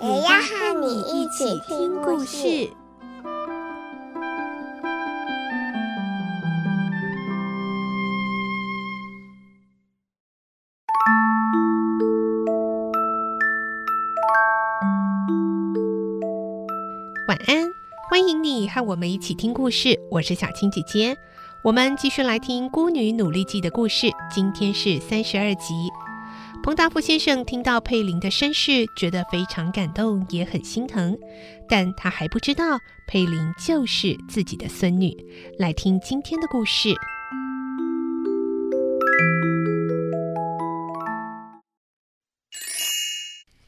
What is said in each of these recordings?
也要和你一起聽故事。故事晚安，歡迎你和我們一起聽故事。我是小青姐姐，我們繼續來聽《孤女努力記》的故事。今天是三十二集。彭達福先生聽到佩玲的身世，覺得非常感動，也很心疼，但他還不知道佩玲就是自己的孫女。來聽今天的故事，《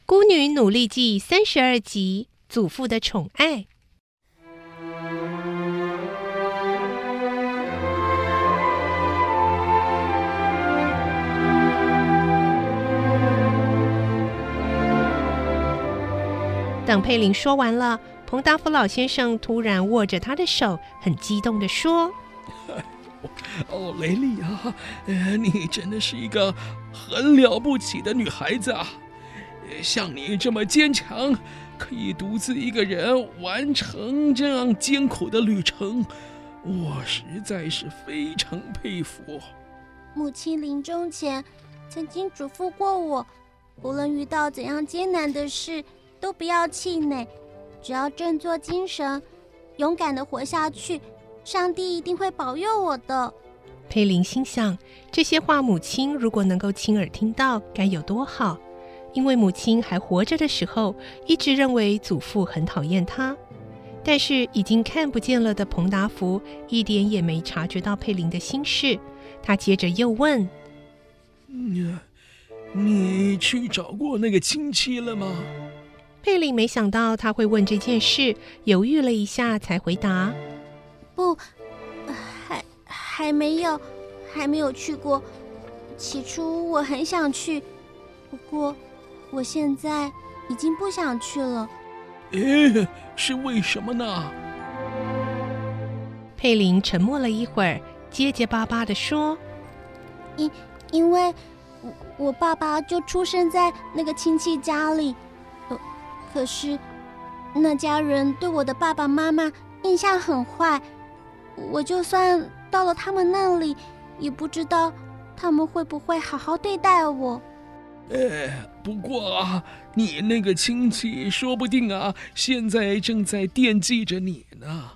孤女努力記》三十二集：祖父的寵愛。等佩玲說完了，彭達福老先生突然握着他的手，很激動地說、哎呦：“哦，雷利啊，呃，你真的是一個很了不起的女孩子啊！像你這麼堅強，可以獨自一個人完成這樣艱苦的旅程，我實在是非常佩服。”母親臨終前曾經囑咐過我，無論遇到怎樣艱難的事，都不要氣餒，只要振作精神，勇敢的活下去，上帝一定會保佑我的。佩玲心想：這些話，母親如果能夠親耳聽到，該有多好！因為母親還活着的時候，一直認為祖父很討厭她。但是已經看不見了的彭達福一點也沒察覺到佩玲的心事。他接着又問：“你，你去找過那個親戚了嗎？”佩玲沒想到他會問這件事，猶豫了一下才回答：“不，還還沒有，還沒有去過。起初我很想去，不過我現在已經不想去了。咦，是為什麼呢？”佩玲沉默了一會兒，結結巴巴地說：“因因為我，我爸爸就出生在那個親戚家裡。”可是，那家人對我的爸爸媽媽印象很壞，我就算到了他們那裡，也不知道他們會不會好好對待我。哎，不過啊，你那個親戚說不定啊，現在正在惦記着你呢。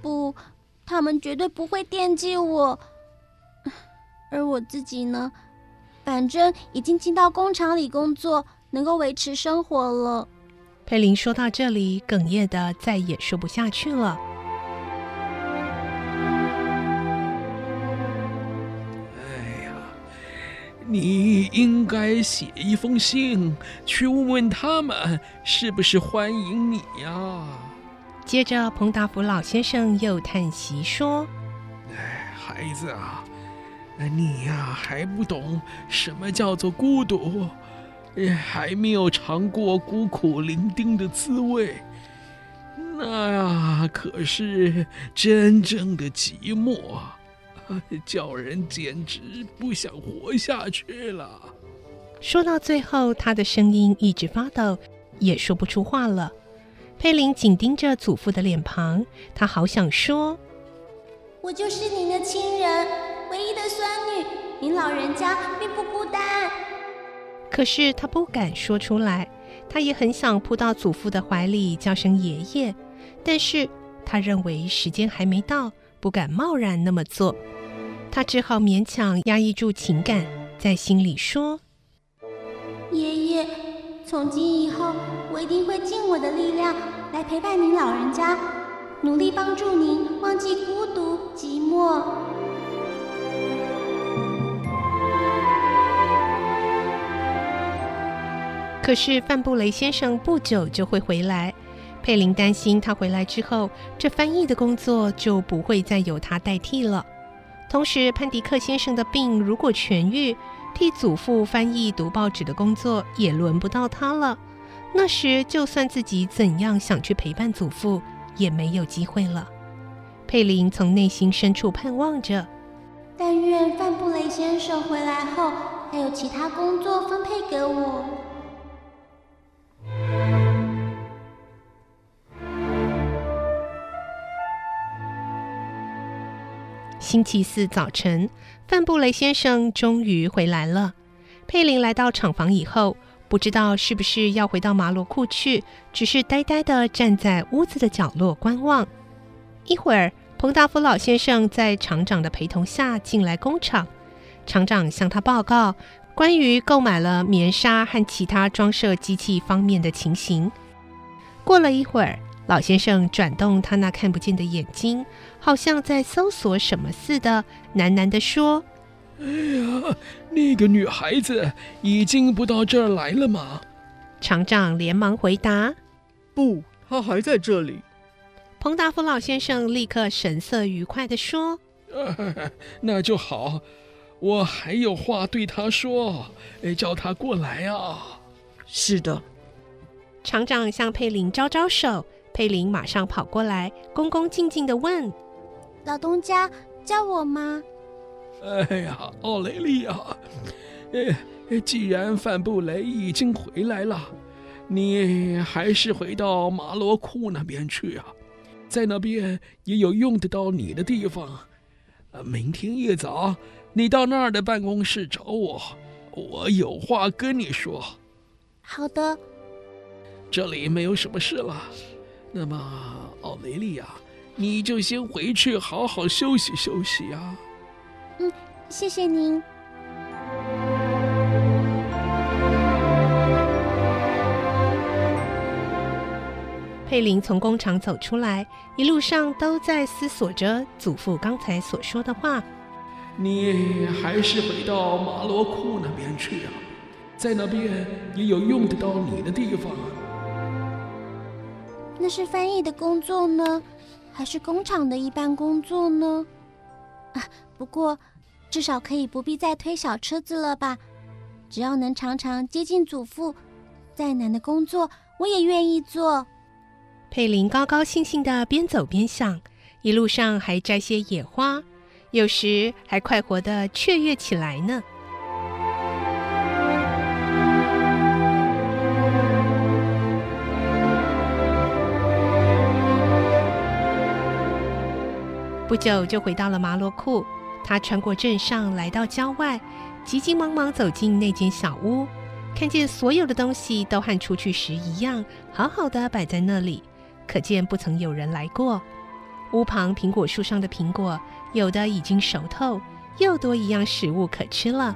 不，他們絕對不會惦記我，而我自己呢，反正已經進到工廠裡工作，能夠維持生活了。佩玲說到這裡，哽咽的再也說不下去了。哎呀，你應該寫一封信去問問他們，是不是歡迎你呀、啊？接着，彭達福老先生又嘆息說：“哎，孩子啊，你呀、啊、還不懂什麼叫做孤獨。”還沒有嘗過孤苦伶仃的滋味，那、啊、可是真正的寂寞，叫人簡直不想活下去了。說到最後，他的聲音一直發抖，也說不出話了。佩玲緊盯着祖父的臉龐，她好想說：“我就是您的親人，唯一的孫女，您老人家並不孤單。”可是他不敢說出來，他也很想撲到祖父的懷裡，叫聲爺爺，但是他認為時間還沒到，不敢貿然那麼做，他只好勉強壓抑住情感，在心裡說：“爺爺，從今以後，我一定會盡我的力量來陪伴您老人家，努力幫助您忘記孤獨寂寞。”可是范布雷先生不久就會回來，佩玲擔心他回來之後，這翻譯的工作就不會再由他代替了。同時，潘迪克先生的病如果痊愈，替祖父翻譯讀報紙的工作也輪不到他了。那時，就算自己怎樣想去陪伴祖父，也沒有機會了。佩玲從內心深處盼望着，但願范布雷先生回來後，還有其他工作分配給我。星期四早晨，范布雷先生終於回來了。佩玲來到廠房以後，不知道是不是要回到麻羅庫去，只是呆呆地站在屋子的角落觀望。一會兒，彭達福老先生在廠長的陪同下進來工廠，廠長向他報告關於購買了棉紗和其他裝設機器方面的情形。過了一會兒。老先生轉動他那看不見的眼睛，好像在搜索什麼似的，喃喃的說：“哎呀，那個女孩子已經不到這兒來了嗎？”廠長連忙回答：“不，她還在這裡。”彭達福老先生立刻神色愉快的說、呃：“那就好，我還有話對她說，哎，叫她過來啊。”是的，廠長向佩玲招招手。佩玲馬上跑過來，恭恭敬敬地問：“老東家，叫我嗎？”“哎呀，奧雷利亞、哎，既然范布雷已經回來了，你還是回到馬羅庫那邊去啊，在那邊也有用得到你的地方。明天一早，你到那兒的辦公室找我，我有話跟你說。”“好的。”“這裡沒有什麼事了。”那麼，奧雷利亞，你就先回去好好休息休息呀、啊。嗯，謝謝您。佩玲從工廠走出來，一路上都在思索着祖父剛才所說的話。你還是回到馬羅庫那邊去啊，在那邊也有用得到你的地方、啊。那是翻譯的工作呢，還是工廠的一般工作呢？啊，不過至少可以不必再推小車子了吧？只要能常常接近祖父，再難的工作我也願意做。佩玲高高興興的邊走邊想，一路上還摘些野花，有時還快活的雀躍起來呢。不久，就回到了馬羅庫，他穿過鎮上來到郊外，急急忙忙走進那間小屋，看見所有的東西都和出去時一樣，好好的擺在那裡，可見不曾有人來過。屋旁蘋果樹上的蘋果，有的已經熟透，又多一樣食物可吃了。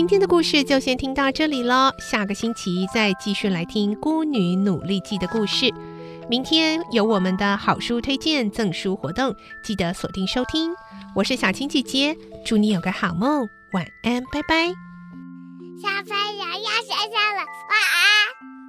今天的故事就先聽到這裡了，下個星期再繼續來聽《孤女努力記》的故事。明天有我們的好書推薦贈書活動，記得鎖定收聽。我是小青姐姐，祝你有個好夢，晚安，拜拜。小朋友要睡覺了，晚安。